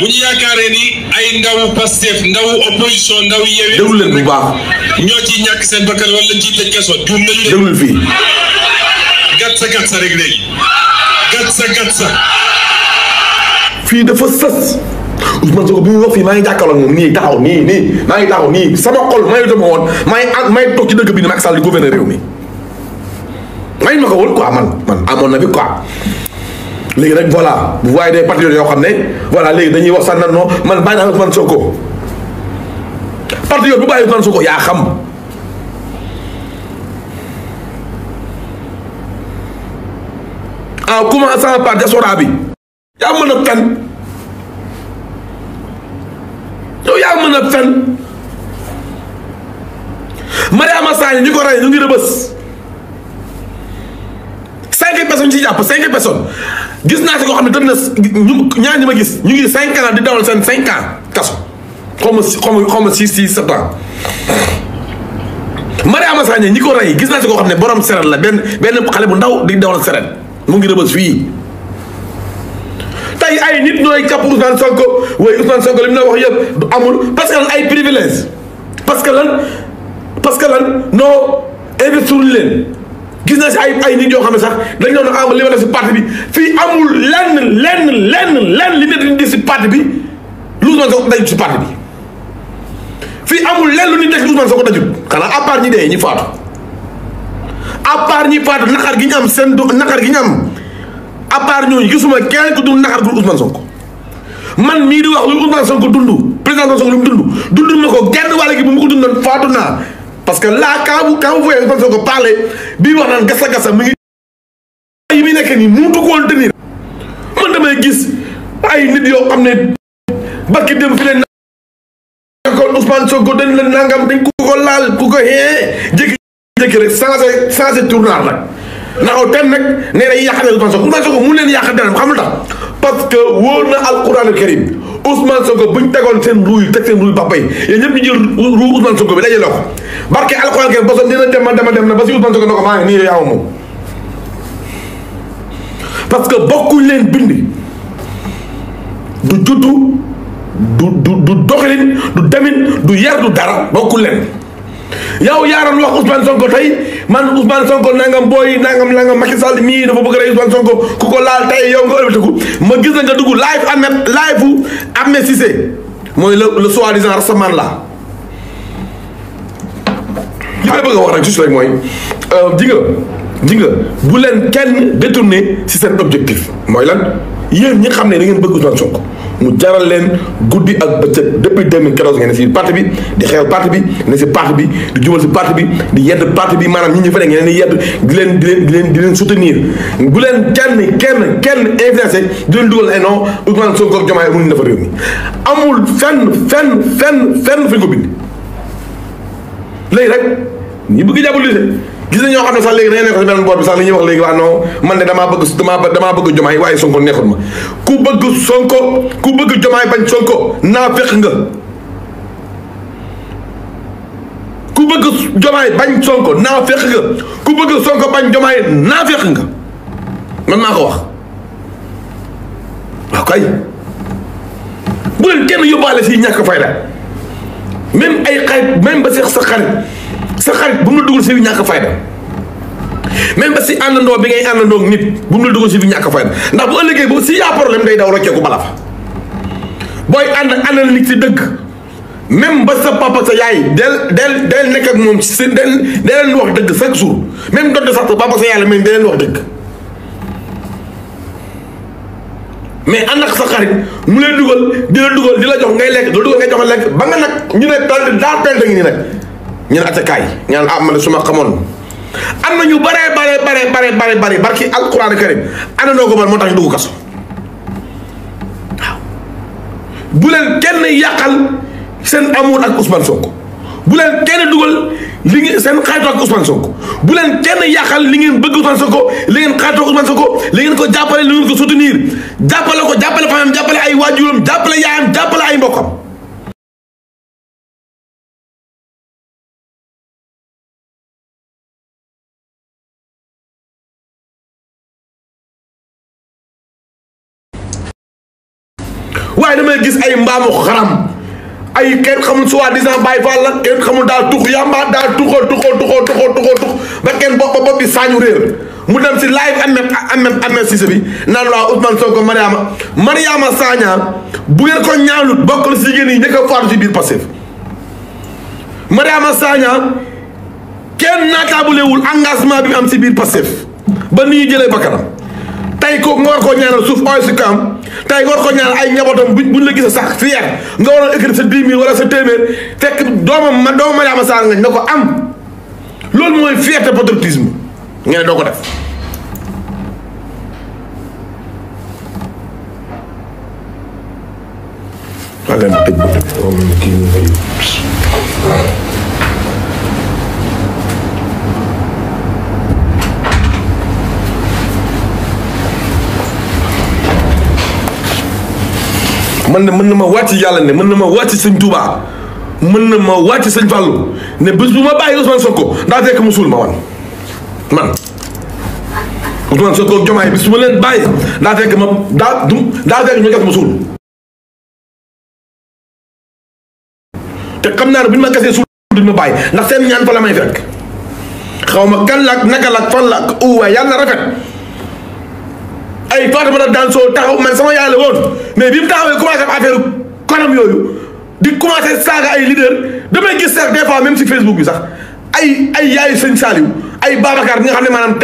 bu ñu yaakaaree ni ay ndaw Pastef ndaw opposition ndaw Yewwi. déglu leen bu baax. ñoo ciy ñàkk seen bakkan wala ciy tëj kaso juum nañu de. déglu fii. gatsa gatsa rek léegi gatsa gatsa. fii dafa sës. Ousmane Sonko bi muy wax fii maa ngi jàkkaarloo moom nii taxaw nii nii maa ngi taxaw nii sama xol maa ngi woon may ngi maa toog ci dëkk bi ni Macky Sall di gouverner réew mi. maa ngi ma ko woon quoi man amoon na bi quoi léegi rek voilà vous voyez des patriotes yoo xam ne voilà léegi dañuy wax sax nan man bàyyi naa Ousmane Sonko patriote bu bàyyi ko Sonko yaa xam. en commençant par a fen yow yaa mën a ñu ko ci jàpp cinq personnes gis naa si koo xam ne doon na ñu ñaar ñi ma gis ñu ngi cinq di dawal seen cinq ans kaso xaw ma si xaw ma six six sept ñi ko rey gis naa si koo xam ne borom seret la benn benn xale bu ndaw di dawal seret mu ngi rëbës fii. tey ay nit ñooy jàpp Ousmane Sonko waaye Ousmane Sonko li mu la wax yëpp du amul parce que ay privilège parce que lan parce que lan non investir leen. gis na ci ay ay nit yoo xam ne sax dañ doon am li ma si parti bi fii amul lenn lenn lenn lenn li nit di si parti bi lu ma Sonko dajut si parti bi fii amul lenn lu nit def Ousmane Sonko dajut xanaa à part ñi dee ñi faatu à part ñi faatu naqar gi ñu am seen naqar gi ñu am à part ñooñu gisuma kenn ku dul naqar dul Ousmane Sonko man mii di wax lu Ousmane Sonko dund président Sonko lu mu dund dund ma ko genn wàll gi bu mu ko dundoon faatu naa parce que là quand vous quand vous voyez Ousmane Sonko bii wax naan gasa gasa mu ngi yi muy nekk nii mënut ko damay gis ay nit yoo xam ne barki dem fi leen kon Ousmane Sonko dañ la nangam dañ ko laal ku ko xee jékki-jékki rek changé changé tournant nag ndaxaw nag nee na yàq na Ousmane Sonko Ousmane mu leen yàq xam lu tax parce que wóor na alquran al Ousmane Sonko bu ñu tegoon seen ruuy teg seen ruuy papa yi yéen ñëpp ñu jël ruu Ousmane Sonko bi dajale ko barke alxuraan ke bosom dina dem dema dem na ba si Ousmane Sonko na ko maa ngi nii yaa moom parce que bokkuñ leen bind du juddu du du du doxalin du demin du yar du dara bokkuñ leen yow yaaroon wax Ousmane Sonko tey man Ousmane Sonko nangam booy nangam nangam Macky Sall mii dafa bëgg rey Ousmane Sonko ku ko laal tey yow nga ëlbatiku ma gis na nga dugg live Ahmed live fu Ahmed Cissé mooy le le soi-disant rassemblement la li may bëgg a wax rek juste rek mooy euh, di nga bu leen kenn détourné si seen objectif mooy lan yéen ñi xam ne da ngeen bëgg Ousmane Sonko mu jaral leen guddi ak bëccëg depuis 2014 ngeen ne si parti bi di xeex parti bi ne si parti bi di jubal si parti bi di yedd parti bi maanaam ñi ñu fa ne ngeen di yedd di leen di leen di leen di soutenir bu leen kenn kenn kenn influencé di leen dugal ay non Ousmane Sonko ak Diomaye mënuñu dafa réew mi amul fenn fenn fenn fenn fi ñu ko bind léegi rek ñu bëgg jàpp gis na ñoo xam ne sax léegi dañuy nekk si beneen boor bi sax li ñuy wax léegi waa non man de damaa bëgg damaa bëgg jomaay waaye sonko neexut ma ku bëgg sonko ku bëgg jomaay bañ sonko naa fekk nga ku bëgg bañ sonko naa ku bëgg sonko bañ jomaay naa fekk nga man maa ko wax waaw kay bu leen kenn yóbbaale si ñàkk fayda même ay xarit même ba seex sa xarit sa xarit bu mu dugul ci ñaka fayda même ba si andando bi ngay andando nit bu mu dugul ci si fayda ndax bu ëllëgee bu si ya problème day daw rocceeku bala fa boy and àndal nit ci dëgg même ba sa papa sa yaay del del del nek ak moom si del del wax dëgg chaque jour même do sax papa sa yaay la même del wax dëgg mais anak ak sa xarit mu lay dugal di dugal dila jox ngay lek do dugal ngay jox lek ba nga nak ñu ne tal da ngi ni ñu ne kay ñaan ah man suma xamone am na ñu bare bare bare bare bare bare barki alquran karim ana no ko bal motax duggu kasso bu len kenn yàqal sen amour ak Ousmane Sonko bu len kenn duggal li ngeen sen xato ak Ousmane Sonko bu len kenn yàqal li ngeen bëgg Ousmane Sonko li ngeen ak Ousmane Sonko li ngeen ko jàppale li ngeen ko soutenir jàppale ko jàppale famam jàppale ay wajurum jàppale yaam jàppale ay mbokam bàyyi damay gis ay mbaamu xaram ay kenn xamul soi-disant Baay Faal la kenn xamul daa tux yamba daa tuxoo tuxoo tuxoo ko ñaanut bokk na si jigéen yi ñëkk a faatu si biir Pastef engagement bi si biir Pastef ba ni ñuy jëlee bakkanam tey kooku nga war ñaanal suuf ooy si kaam tey nga war ko ñaan ay njabootam buñ la gisee sax fier nga waroon écrire sa dix mille wala sa téeméer fekk doomam ma doomam Mariama Sarr ngañ na ko am loolu mooy fierté patriotisme nga doo ko def man de mën na ma wàcc yàlla ne mën na ma wàcc sëñ Touba mën na ma wàcc sëñ Fallou ne bés bu ma bàyyi Ousmane Sonko daa fekk mu suul ma wan man Ousmane Sonko jomaay bés bu ma leen bàyyi daa fekk ma daa du daa fekk ñu gas ma suul te xam naa ne bu ñu ma gasee suul duñ ma bàyyi ndax seen ñaan fa la may fekk xaw ma kan la ak naka la ak fan la ak uwa yàlla rafet ay Fatoumata Danso taxaw man sama yaay la woon mais bi mu taxawee commencé am affaire kanam yooyu di commencé saaga ay leader damay gis sax des fois même si Facebook bi sax ay ay yaayu sëñ Saliou ay Babacar bi nga xam ne maanaam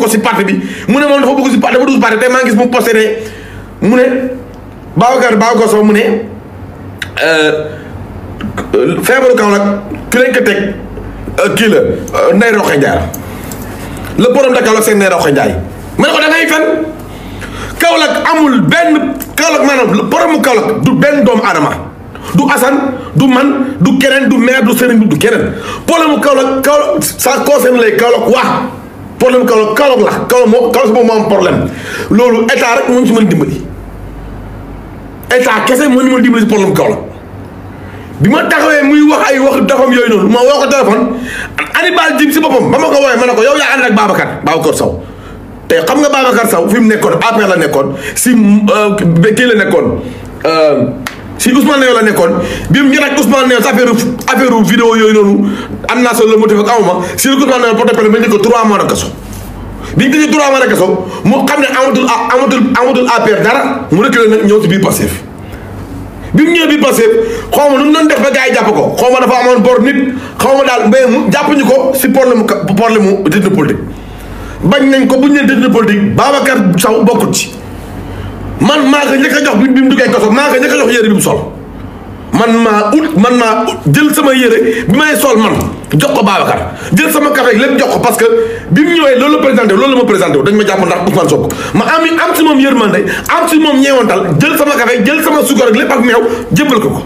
ko si part bi mu ne moom dafa bëgg si parti dafa dugg si parti tey maa ngi gis mu posté ne mu ne Babacar Babacar Sow mu ne euh, feebaru kaw nag ki lañ ko teg euh, kii la euh, Ndeye Roxe Ndiaye la le problème de Kaolack c'est Ndeye Roxe Ndiaye ma ko da ngay fen kaolak amul ben kaolak manam le borom kaolak du ben dom adama du asan du man du keren du mère du serigne du keren problème kaolak Kaolack sa ça concerne les kaolak wa problème kaolak kaolak la Kaolack mo Kaolack mo am problème lolu état rek mo ci mën dimbali état kese mo ñu mën dimbali problème Kaolack bi muy wax ay wax dafam yoy non ma wax ko téléphone Hannibal Djim ci bopam bama ko woy manako yow ya and rek Babacar Babacar saw te xam nga Babacar Sow fi mu nekkoon APR la nekkoon si euh, kii la nekkoon euh, si Ousmane Neyo la nekkoon bi mu ñëwaat Ousmane Neyo si affaire affaire vidéo yooyu noonu am naa solo le motif ak amuma si Ousmane Neyo porte plainte ba ñu ko trois mois de bi ñu tëjee trois kaso mu xam ne amatul amatul amatul APR dara mu reculé nag ñëw si biir Pastef bi mu ñëw biir Pastef xaw ma nu mu doon def ba gaa yi jàpp ko xaw ma dafa amoon bor nit xaw ma daal mbéy mu jàppuñu ko si problème ka problème mu dina politique. bañ nañ ko bu ñu leen détenu politique Babacar Sow bokkut ci man maa ko njëkk jox bi bi mu duggee kaso maa ko njëkk a jox bi mu sol man maa ut man maa ut jël sama yére bi may sol man jox ko Babacar jël sama café lépp jox ko parce que bi mu ñëwee loolu la présenté loolu la ma présenté wu dañ ma jàpp ndax Ousmane Sonko ma am am si moom yërmande am si moom ñeewantal jël sama café jël sama sukkar ak lépp ak meew jébbal ko ko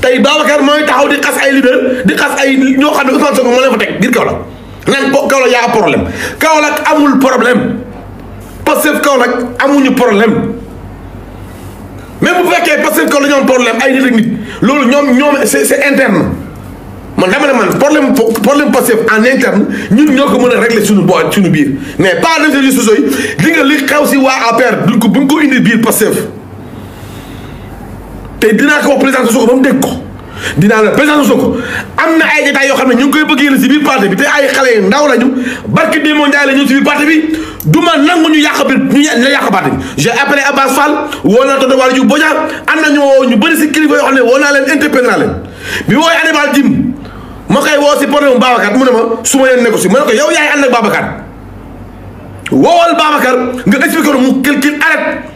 tey Babacar mooy taxaw di xas ay leader di xas ay ngir kaw la nga ne a a un problème a amul problème Pastef Kaolack amuñu problème même bu que Pastef Kaolack ñoom problème ay nit ak nit loolu ñom c'est interne man dama man problème problème Pastef en interne ñun ñoko avons a régler suñu sur suñu biir mais pas de réseaux sociaux di nga li xaw si a APR duñ ko buñ ko indi biir Pastef problème. ko président ko dina président problème. am na ay détails yoo xam ne ñu ngi koy bëgg yéen si biir parti bi te ay xale yu ndaw lañu barke Demba Ndiaye la ñu si biir parti bi du ma nangu ñu yàq bi ñu yàq parti bi. j'ai appelé Abbas Fall woo naa tonton Waly Diouf Bodiang am na ñu woo ñu bëri si kilifa yoo xam ne woo naa leen interpellé naa leen bi wooy Hannibal Djim ma koy woo si problème mu Babacar mu ne ma su ma leen négocié ma ne ko yow yaay ànd ak Babacar woowal Babacar nga expliqué ko mu qu'il arrête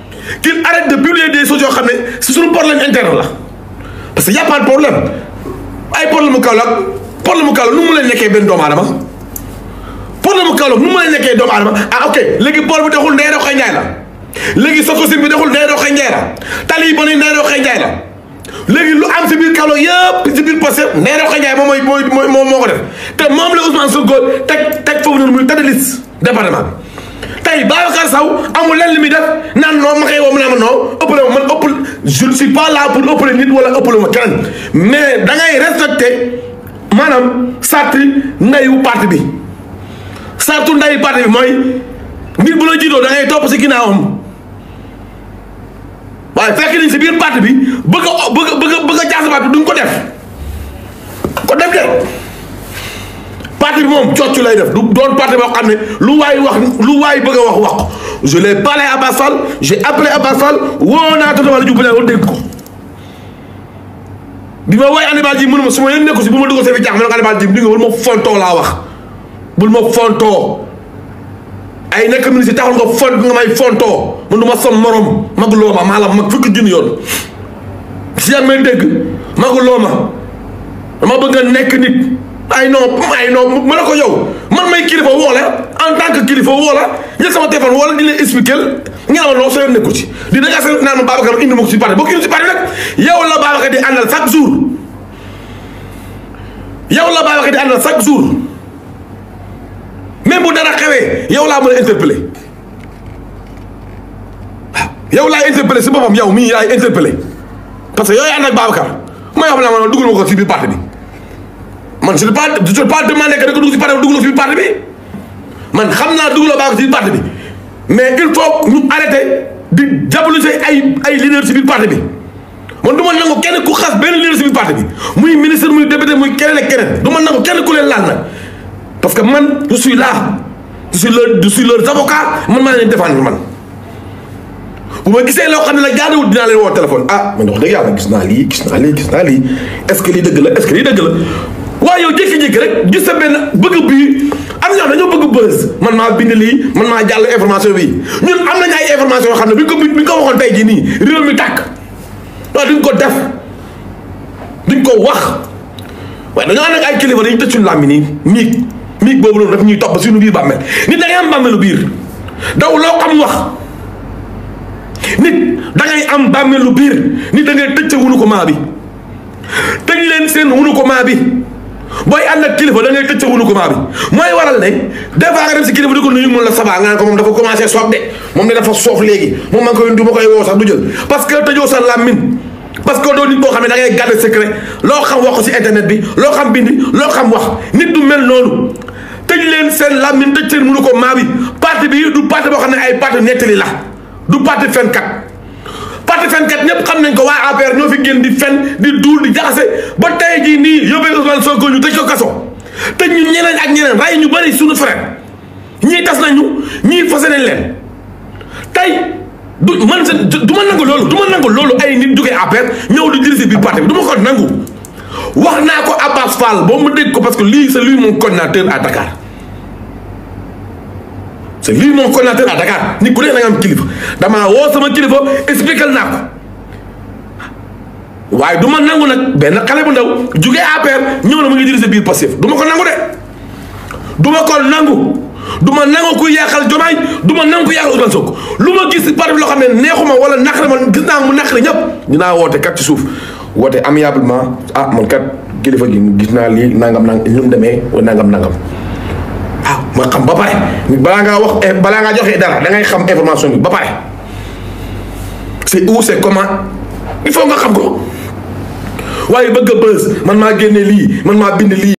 qu'il arrête de publier des choses yoo xam ne si suñu problème interne la parce que y' a pas de ay problème mu Kaolack problème mu Kaolack nu mu leen nekkee benn doomu aadama problème mu Kaolack nu mu leen nekkee doomu aadama ah ok léegi bool bi dexul ndey roxee njaay la léegi sokosin bi dexul ndey roxee njaay la tali yi ba ni ndey roxee njaay la léegi lu am si biir Kaolack yëpp si biir Pastef ndey roxee njaay moom mooy mooy moo ko def te moom la Ousmane Sonko teg teg foofu noonu muy tête de liste tey Babacar Sow amul lenn li muy def naan non ma koy woo mu ne ma non ëppale ma man ëppal je ne suis pas là pour ëppale nit wala ëppale ma keneen mais da ngay respecté maanaam sarti ndeyu parti bi sartu ndeyu parti bi mooy nit bu la jiitoo da ngay topp si ginnaawam waaye fekk nañ si biir parti bi bëgg a bëgg a bëgg a jaas baat bi duñ ko def ko def de. parti mom moom cocc lay def du doon parti bo xam lu way wax lu way bëgg wax wax je l'ai parlé à bassal j'ai appelé à bassal woo naa Tonton Waly Diouf dégg ko bi ma woowee Hannibal Djim mënuma su ma yéen nekku si bu ma duggoon seen jaax ma ne ko Hannibal Djim di nga bul ma fontoo laa wax bul ma fontoo ay nekk ministre taxul nga font nga may fontoo man du ma som morom mag loo ma mag fukk junni yoon si yaa may dégg mag loo dama bëgg nek nit ay non ay non ma ne ko yow man may kilifa woo la en tant que kilifa woo la jël sama téléphone woo la di leen expliquer nga ne ma non soo nekku ci di da ngaa seetlu naan ma Babacar indi ma ko ci parti boo ko indi ci parti yow la Babacar di àndal chaque jour bu dara xewee yow laa mën a interpeller waaw ah, yow si boppam yow mii yaay interpeller parce que yow yaa ànd ak Babacar ma yoo xam ne ma ne duggul ma ko ci biir parti bi. man je ne pas je ne pas demandé que da nga dugg si parti bi duggaloo fi parti bi man xam naa duggaloo baa ko si parti bi mais il faut ñu arrêté di diaboliser ay ay leaders si biir parti bi man du ma nangu kenn ku xas benn leader si biir parti bi muy ministre muy député muy keneen ak keneen du ma nangu kenn ku leen laal nag parce que man je suis là je suis leur je suis leur avocat man maa leen défendre man. bu ma gisee loo xam ne nag jaaduwul dinaa leen woo téléphone ah man wax dëgg yàlla gis naa lii gis naa lii gis naa lii est-ce que lii dëgg la est-ce que lii dëgg la. waaye yow jékki rek gis sa benn bëgg bii am na ñoo dañoo bëgg buzz man maa bind lii man maa jàll information bi ñun am nañu ay information yoo xam ne bi ko bi ko waxoon tey jii nii tàkk waaw duñ ko def ko wax waaye dañoo ànd ak ay kilifa dañuy tëj suñu làmmi nii miig miig boobu ñuy topp suñu biir bàmmeel nit da ngay am bàmmeelu biir daw loo xam am bàmmeelu biir nit da ngay tëj sa wunu ko maa bi tëj leen seen wunu ko maa bi booy ànd ak kilifa da ngay tëj sa regroupement bi mooy waral ne des fois nga dem si kilifa di ko nuyu mun la sabaa nga ne ko moom dafa commencé soof de moom ne dafa soof léegi moom maa ngi koy du ma koy woo sax du jël parce que tëjoo sa làmmiñ parce que doo nit boo xam ne da ngay garder secret loo xam wax ko si internet bi loo xam bindi loo xam wax nit du mel noonu tëj leen seen làmmiñ tëj seen mënu ko maa bi parti bi du parti boo xam ne ay parti nettali la du parti fenkat parti fenkat ñëpp xam nañ ko waa APR ñoo fi génn di fen di duul di jaxase ba tey jii nii yóbbee Ousmane Sonko ñu tëj ko kaso tëj ñu ñeneen ak ñeneen rey ñu bari suñu frère ñii tas nañu ñii fase nañ leen tey du man sa du ma nangu loolu du ma nangu loolu ay nit jógee APR ñëw di dirigé biir parti bi du ma ko nangu wax naa ko Abbas Fall boo mu dégg ko parce que lii c'est lui mon coordinateur à Dakar c'est lii mon coordinateur à Dakar nit ku nekk da nga am kilifa damaa woo sama kilifa expliqué naa ko du ma nangu nag benn xale bu ndaw jugee APR ñëw mu ngi dirigé biir du ma ko nangu de du ma ko nangu du ma nangu ku yàqal Jomaay du ma nangu ku yàqal Ousmane Sonko lu ma gis par loo xam ne neexuma wala naqari ma gis naa mu naqari ñëpp dinaa woote kat ci suuf woote amiablement ah man kat kilifa gi gis naa lii nangam nangam lu demee wala nangam nangam. nga xam ba pare balaa ngaa wax eh, balaa ngaa joxe dara dangay xam information bi ba pare c'est où c'est comment il faut nga xam ko waaye bëgg a bës man maa génne lii man maa bind lii.